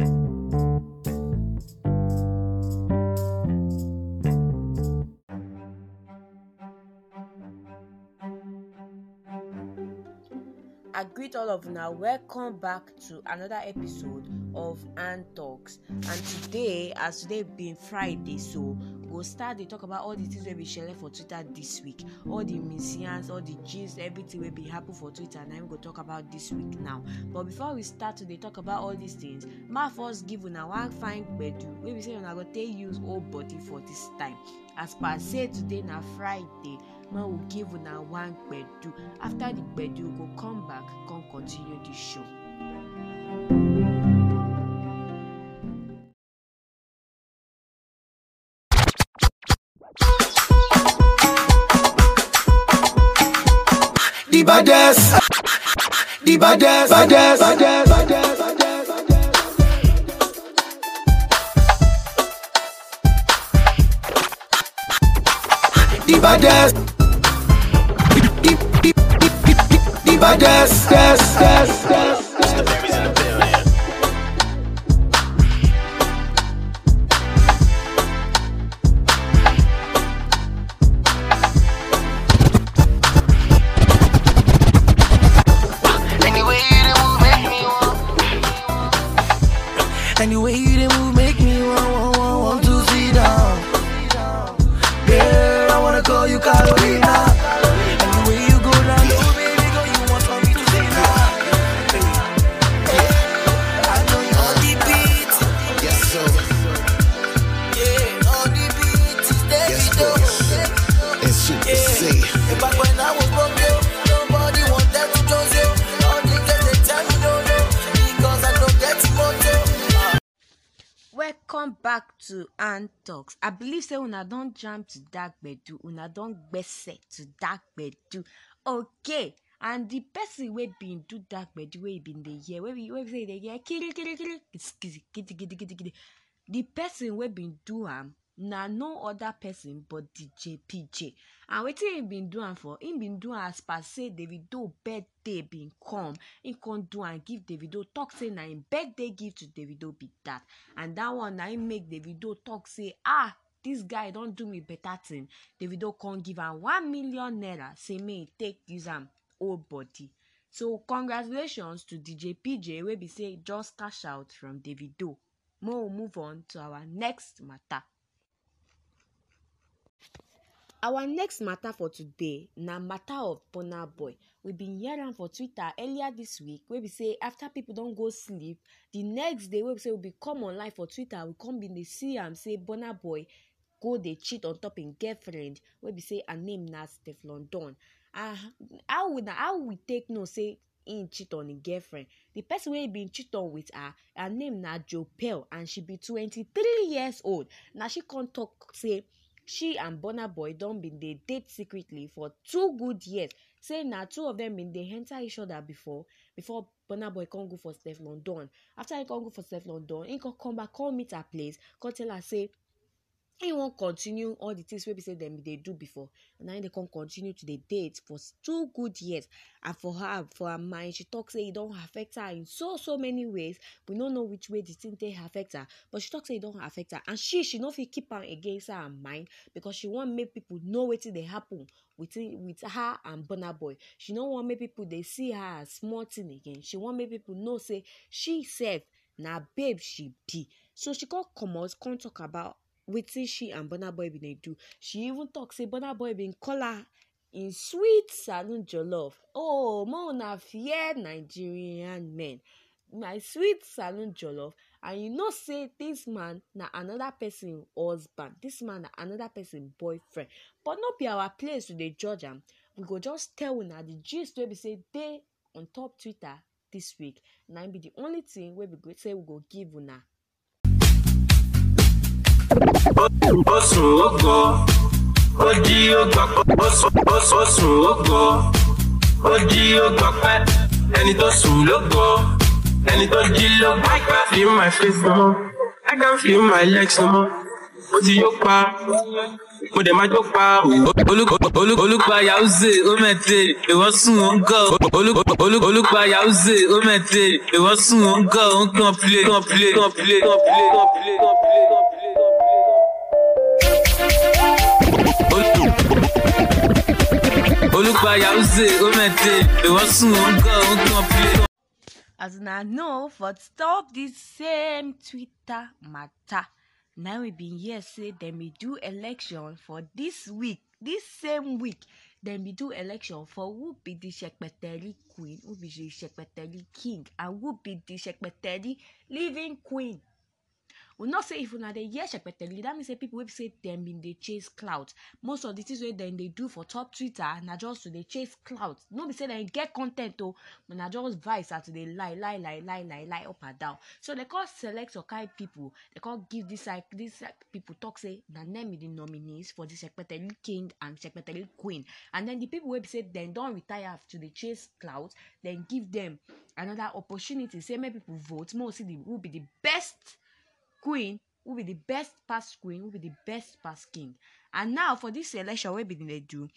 greet all of now. Welcome back to another episode of Ann Talks. And today, as today being Friday, so go start dey talk about all the things wey be shele for twitter this week all the missions all the gist everything wey be happen for twitter na im go talk about this week now but before we start to dey talk about all these things ma first give una one fine gbedu wey be say una go take use whole body for this time as per say today na friday ma we give una one gbedu after the gbedu we go come back come continue the show. thank you baddest, the baddest, baddest, baddest, baddest. The baddest, the, the, the, the, the, the baddest, baddest, baddest. Anyway, welcome back to hand talks i believe say una don jam to dat gbedu una don gbese to dat gbedu okay and the person wey bin do dat gbedu wey bin dey hear wey be wey be say e dey hear kirikirikiri gidigidi the person wey bin do am na no other person but dj pj and wetin he bin do am for He bin do am as per say davido birthday bin come He come do am give davido talk say na him birthday gift to davido be that and that one na him make davido talk say ah this guy don do me better thing davido come give am one million naira say make e take use am whole body so congratulations to dj pj wey be say just cash out from davido mo move on to our next matter. Our next matter for today na matter of Burna Boy. We been hear am for Twitter earlier this week wey be say after people don go sleep, the next day wey be say we been come online for Twitter, we come been dey see am say Burna Boy go dey cheat on top im girlfriend wey be say her name na Teflon Don. And ah, how we na how we take know say im cheat on im girlfriend? The person wey e been cheat on with her, her name na Jopel and she be twenty-three years old. Na she come talk say she and burna boy don bin dey date secretly for two good years say na two of dem bin dey enter each other before before burna boy come go for sef london After he come go for sef london he come come back come meet her place come tell her say and you wan continue all the things wey be say dem dey do before and now dey come continue to dey date for two good years and for her for her mind she talk say e don affect her in so so many ways we no know which way the thing take affect her but she talk say e don affect her and she she no fit keep am against her mind because she wan make people know wetin dey happen within with her and burna boy she no wan make people dey see her as small thing again she wan make people know say she sef na babe she be so she come comot come talk about wetin she and burna boy bin dey do she even tok say burna boy bin call her im sweet salon jollof oh mo una fear nigerian men my sweet salon jollof and you know say dis man na another person husband dis man na another person boyfriend but no be our place to dey judge am we go just tell una the gist wey be say dey on top twitter dis week na be the only thing wey we go say we go give una ó sùn ó gọ ó Osu ó gbà ó sùn ó gọ ó jí ó gbà pẹ́ ẹni tó sùn ló ẹni tó jí ló gbà pẹ́. feel my face no more I can feel my legs no more mo ti yó pa mo dẹ̀ máa jó pa olùpa yahooze ó mẹ́tẹ̀ ìwọ́n sùn ó ń gọ̀ olùpa yahooze ó mẹ́tẹ̀ ìwọ́n sùn ó ń gọ̀ ó ń kàn play kàn play kàn Olukpa Yawuse Omete, the Wasun Ungo Ungo As una know, for stop this same Twitter matter. Now we been here say dem be do election for this week, this same week. dem be do election for who be the secretary queen who be the secretary king and who be the secretary living queen we not say if una dey hear shekpeteli that mean say people wey be say dem bin dey chase clout most of the things wey dem dey do for top twitter na just to dey chase clout no be say dem get con ten t o but na just vice and to dey lie lie lie lie lie lie up and down so dem come select your kind people dem come give this like this like, people talk say na dem be the nominees for the shekpeteli king and shekpeteli queen and then the people wey be say dem don retire to dey chase clout dem give them another opportunity say make people vote make we see the who be the best queen who be the best past queen who be the best past king and now for this election wey bin dey do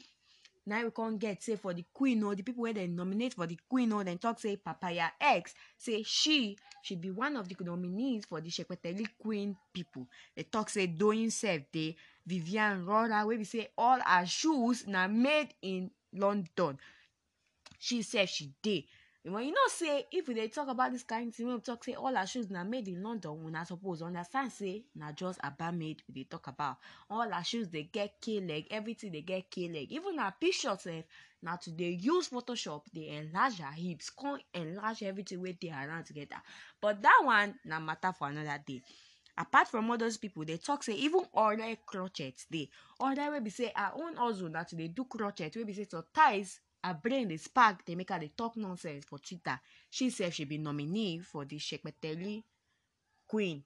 Now we come get say for the queen or the people wey dem nominate for the queen or dem talk say papaya x say she she be one of the nominees for the sepeteli queen people. dem talk say doyin sef dey vivian rora wey be say all her shoes na made in london she sef she dey you know you know say if we dey talk about this kind thing wey we talk say all our shoes na made in london una suppose understand say na just aba made we dey talk about all our shoes dey get k leg everything dey get k leg even our picture eh, sef na to dey use photoshop dey enlarge our hips come enlarge everything wey dey around together but that one na matter for another day apart from all those people dey talk say even other crotchet dey other wey be say our own hustle na to dey do crotchet wey be say sometimes Her brain is packed, they make her they talk nonsense for Twitter. She said she be nominee for the Shekpeteli Queen.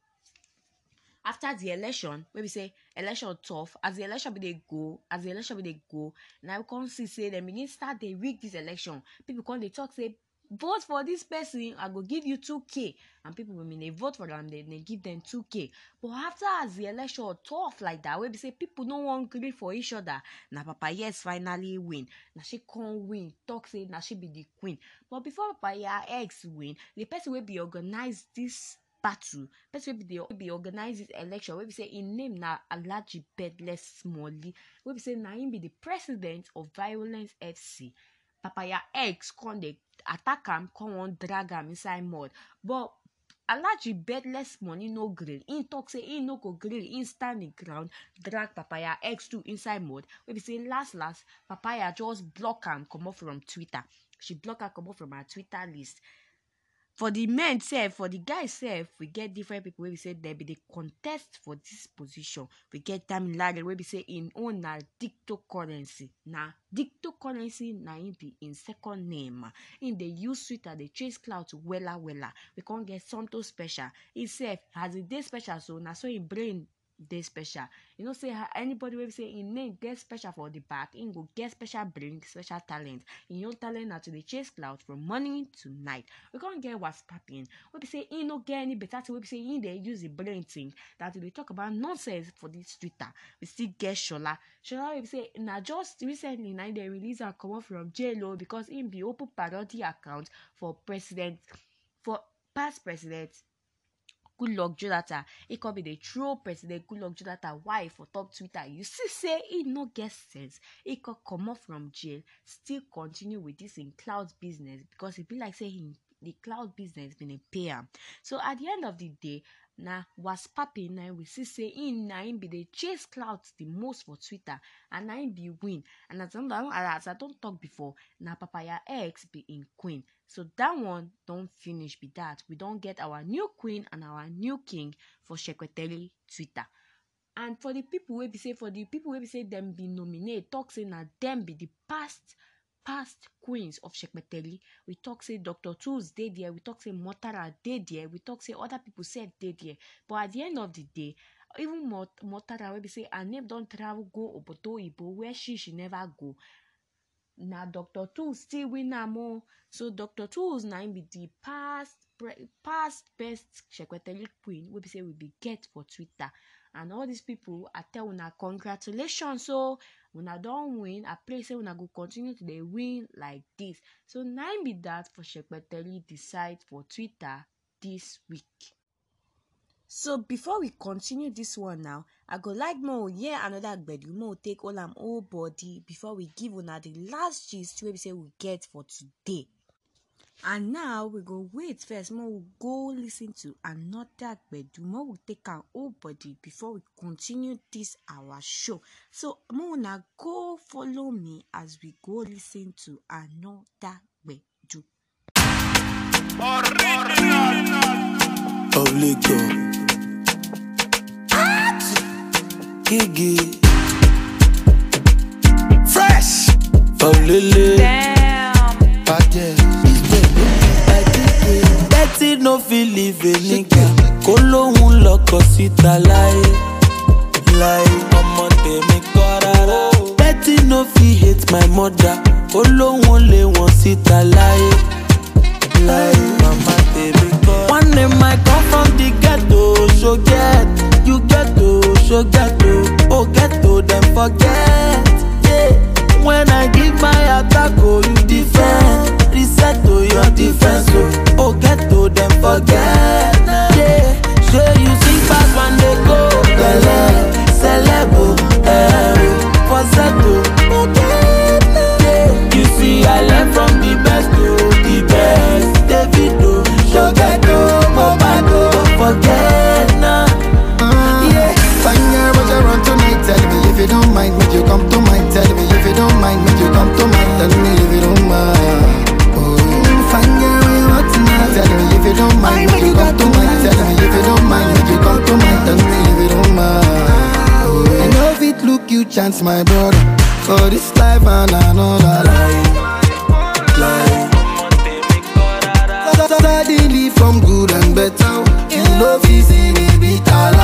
After the election, wey be say election tough, as the election be dey go, as the election be dey go, na we come see say dem begin start dey rig this election. People come dey talk say vote for this person i go give you two k and people bin dey vote for am dem dey give dem two k but after as the election tough like that wey be say people no wan gree for each other na papa yes finally win na she come win talk say na she be the queen but before papa yeah, ex win the person wey be organize this battle person wey be dey organize this election wey be say im name na alhaji bedles smalley wey be say na im be the president of violence fc papaya eggs come dey attack am come wan drag am inside mud but alhaji bedless money no gree him talk say him no go gree He stand him ground drag papaya eggs too inside mud wey be say last last papaya just block am comot from twitter she block am comot from her twitter list for the men sef for the guys sef we get different people. wey be say dem be dey contest for dis position we get damilare wey be say im own na cryptocurrency na cryptocurrency na im be im second name im dey use twitter dey chase clout wella wella we con get something special im sef as e dey special so na so im brain dey special you know say ah, anybody wey be say im name get special for the back im go get special bring special talent im own talent na to dey chase clout from morning to night we con get waspapping wey be say im no get any better. tin wey be say im dey use the brain thing that to dey talk about nonsense for dis twitter we still get shola shola wey be say na just recently na im release am comot from jail o oh, because im be open parody account for president for past president goodluck jonathan It could be the true president goodluck jonathan Why for top twitter you see say it no get sense could come off from jail still continue with this in cloud business because it be like say the cloud business been a payer. so at the end of the day na waspapi na we see say him na him be dey chase clout the most for twitter and na him be win and as i, as I don talk before na papaya x be him queen so dat one don finish be dat we don get our new queen and our new king for shekweteli twitter and for di pipo wey be say for di pipo wey be say dem be nominate tok say na dem be di past past queens of Shekpeteli. We talk say Dr. Tools dey there. We talk say Motara dey there. We talk say other people said dey there. But at the end of the day, even Motara wey be say her name don travel go Obodo Ibo where she she never go. Na Dr. Tools still win am o. So Dr. Tools na im be the past past best Shekpeteli queen wey be say we be get for Twitter and all these people, i tell una congratulations o oh. una don win i pray say una go continue to dey win like this. so na im be that for shepeteli decide for twitter this week so before we continue this one now i go like mo oh, hear anoda gbedu more oh, take all am whole body before we give una the last gist wey be say we get for today And now we go wait first, more we'll go listen to another do. more we'll take our whole body before we continue this our show. So more now go follow me as we go listen to another Gbedu. Obligo Gigi Fresh Folele Damn. no fit live a nigga kó lóhun lọkọ síta láyé láyé Mama te mi rárá. betty no fit hate my mother Kolo lóhun lé wọn síta láyé láyé mama te mi kọ́. one day I come from the ghetto so get you ghetto so ghetto oh ghetto dem forget. Yeah. when i give my attack oh you defend. Set to your defense, oh, oh get to them forget yeah. Sure you sing fast when they go Gale. chance, my brother. For this life and another life. Life. Suddenly from good and better, you know, easy, me bitter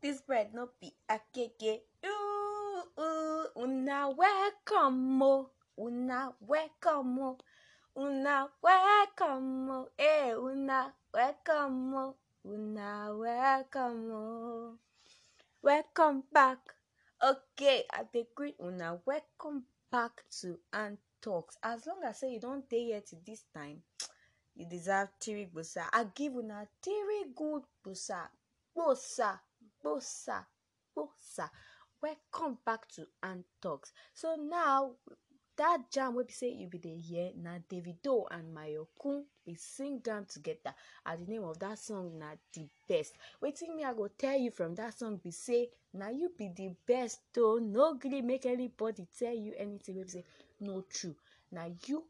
this bread no be akeke. Ooh, ooh, una welcome, oh. una welcome, oh. una welcome, oh. eh, una welcome, oh. una welcome, oh. welcome back. Okay, I agree, una welcome back to and talks. As long as say you don't stay here to this time, you deserve three busa. I give una three good busa, busa. Bosa, Bosa. Welcome back to Ant Talks. So now that jam wey be say you be the year. Now davido and mayokun be sing am together At the name of that song na the best wetin me i go tell you from that song be say now you be the best o oh. no really, make anybody tell you anything We say no true Now you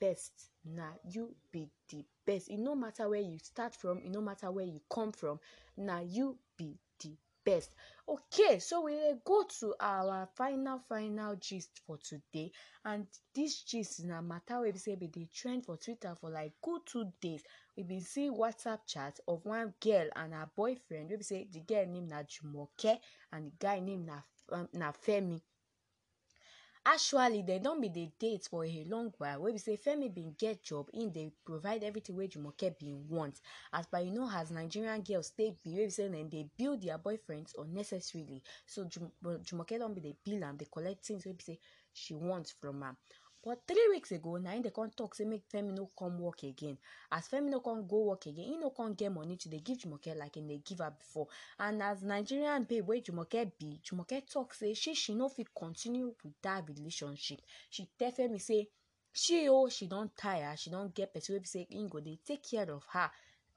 best na you be the best e no matter where you start from e no matter where you come from na you be the best okay so we dey go to our final final gist for today and this gist na matter wey be say bin dey trend for twitter for like good two days we bin see whatsapp chat of one girl and her boyfriend wey be say the girl name na jumoke and the guy name na um, na femi actually dem don bin dey date for a long while wey be say femi bin get job im dey provide everything wey jumoke bin want as per you know as nigerian girls take be wey be say dem dey bill dia boyfriends unnecessarily so jumoke don bin dey bill am dey collect things wey be say she want from am but three weeks ago na im dey come talk. say make femi no come work again as femi no come go work again he no come get money to dey give jumoke like im dey give her before and as nigerian babe wey jumoke be jumoke talk say she she no fit continue with that relationship she tell femi say she oh she don tire she don get pesin wey be say im go dey take care of her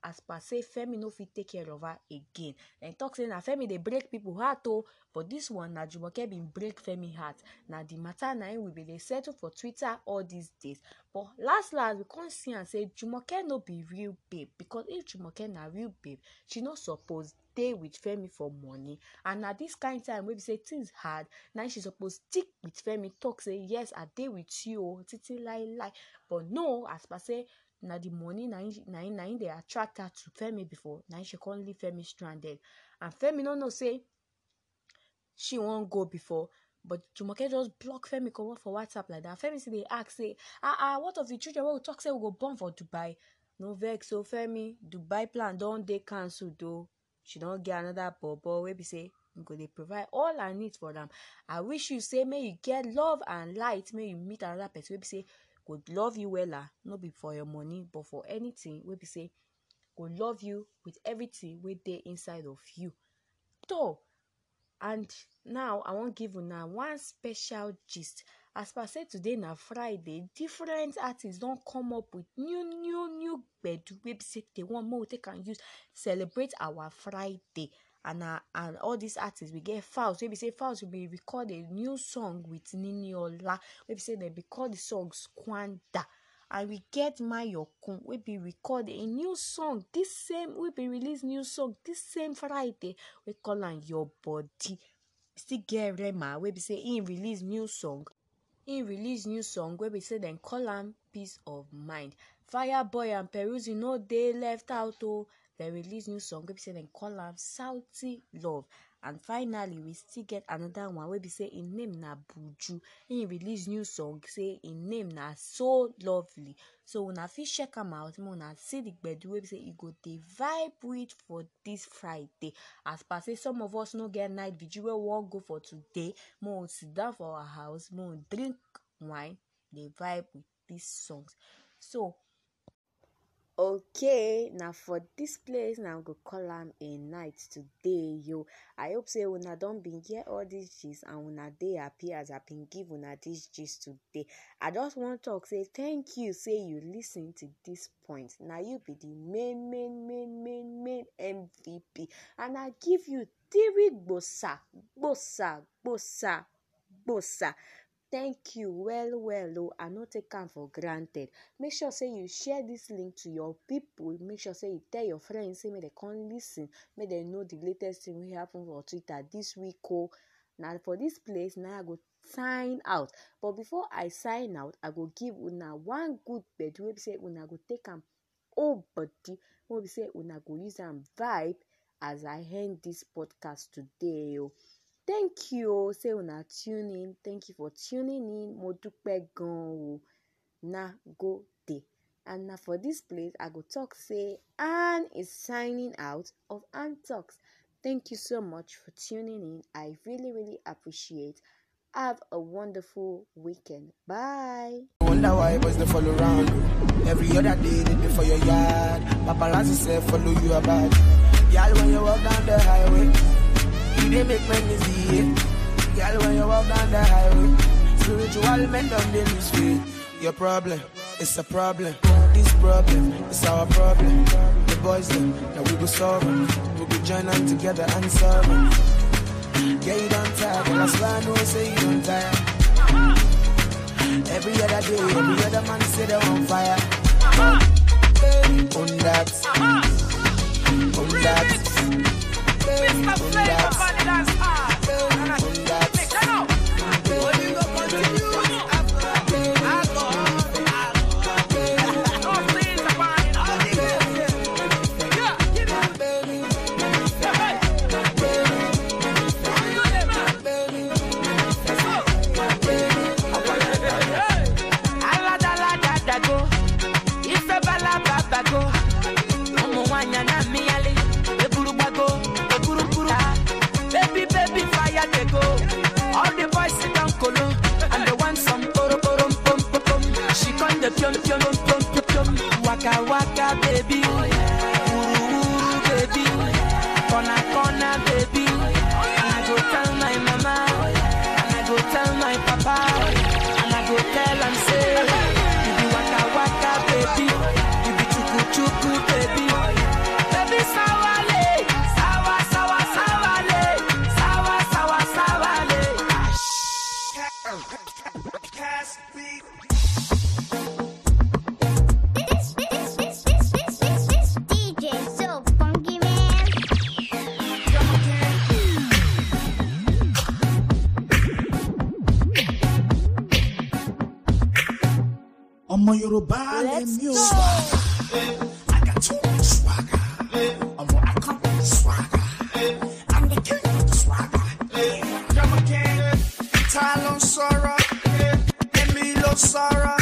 as per say Femi no fit take care of her again. Dem talk say na Femi dey break pipu heart o, oh. but dis one na Jumoke bin break Femi heart. Na di mata na im we bin dey settle for Twitter all dis days. But last last we come see am say Jumoke no be real babe because if Jumoke na real babe, she no suppose dey with Femi for money and na dis kind time wey be say things hard na she suppose stick with Femi talk say yes I dey with you oo oh. titi lai lai but no as per say na the money na im na im dey attract her to Femi before na im she come leave Femi stranded and Femi no know say she wan go before but Jumoke just block Femi comot for WhatsApp like that Femi still dey ask say ah ah what of the children wey we talk say we go born for Dubai no vex o Femi Dubai plan don dey cancelled o she don get another bobo wey be say you go dey provide all her needs for am i wish you say may you get love and light May you meet another person wey be say go love you wella no be for your money but for anything wey be say go love you with everything wey dey inside of you so and now i wan give una one special gist as per say today na friday different artists don come up with new new new gbedu wey be say they wan make we take am use celebrate our friday and our, uh, and all these artists we get files. wey be say files. will be record a new song with nini ola wey be say dem be call the song squander and we get mayokun wey be record a new song this same wey be release new song this same friday we call am your body still get rema wey be say im release new song im release new song wey be say dem call am peace of mind fireboy and peruzzi no dey left out o oh. They release new song wey be say dem call am "Salty Love. And finally, we still get another one wey be say im name na Buju. Im release new song say im name na So Lovely. So una fit check am out make una see the gbedu wey be say e go dey vibe with for this Friday. As per say some of us no get night vigil wey we wan go for today, make we sit down for our house, make we drink wine, dey vibe with these songs. So okay na for dis place na go call am a night today yo i hope say una don bin hear all dis gist and una dey happy as i bin give una dis gist today i just wan talk say thank you say you lis ten to dis point na you be the main main main main main mvp and i give you three gbosa gbosa gbosa gbosa. thank you well well oh, I no take am for granted make sure say you share this link to your people. make sure say you tell your friends say make dem come lis ten make dem know the latest thing wey happen for twitter this week Oh, na for this place na i go sign out but before i sign out i go give una one good gbedu wey be say una go take am whole body wey be say una go use am vibe as i end this podcast today Oh. Thank you say una tune in. Thank you for tuning in. Mo dupe gan o. Na go day. And na for this place, I go talk say Anne is signing out of Anne Talks. Thank you so much for tuning in. I really, really appreciate. Have a wonderful weekend. Bye. follow around Every other day they for your yard. follow you about. Y'all when you walk down the highway they make men easy. Girl, when you walk down the highway, spiritual men don't deal with. faith. Your problem, it's a problem. This problem, it's our problem. The boys, them, that we go solve them. We go join them together and solve them. Yeah, you don't tire, girl, that's why I know say you don't tire. Every other day, every other man say they're on fire. On that, on that. the chum chum chum chum chum. Waka waka, baby. ọmọ yorùbá lẹ́mí I got too much swagger. ọmọ I come with swagger. I'm the king of the swagger. yọmọ kẹ́ ta ló ń sọ̀rọ̀